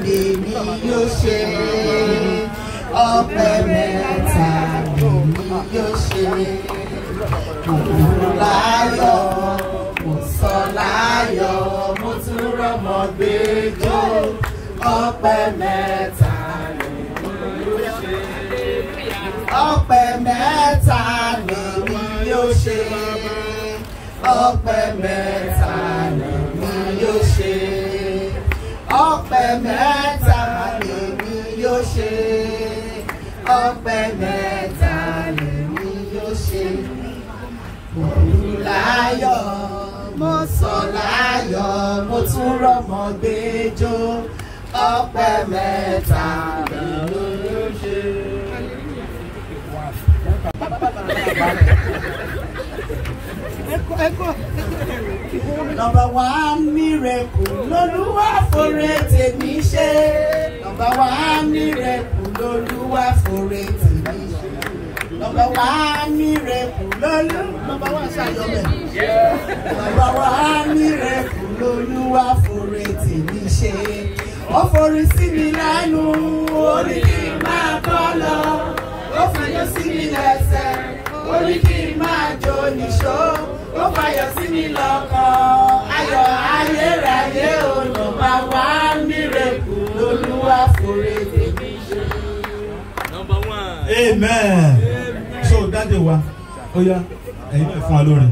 lèmi yóò ṣe ọpẹ́ mẹ́ta lèmi yóò ṣe mo kú láyọ̀ mo sọ láyọ̀ mo tún rọ́mọ gbé jó ọpẹ́ lèmi yóò ṣe ọpẹ́ mẹ́ta lèmi yóò ṣe ọpẹ́ mẹ́ta. mẹ́ta lèmi yóò ṣe ọpẹ́ mẹ́ta lèmi yóò ṣe òru láyọ̀ mo sọ láyọ̀ mo tún rọ́mọ gbẹjọ ọpẹ́ mẹ́ta lèmi yóò ṣe. Number one miracle lolúwa fòrè tèmi ṣe. Number one miracle lolúwa fòrè tèmi ṣe. Number one miracle lolú. Number one ṣayọ Number one miracle lolúwa fòrè tèmi ṣe. Ó forí sí mi lánàá, orí mi máa kọ́ lọ. oníṣó ó fàyọ̀ sí mi lọ́kàn ayọ̀ ayérayé olùbá wa mírèkù lolúwa fòrè tèmi ṣe. amen. so dáde wa ó yá ẹ̀yin náà fún wa lórí.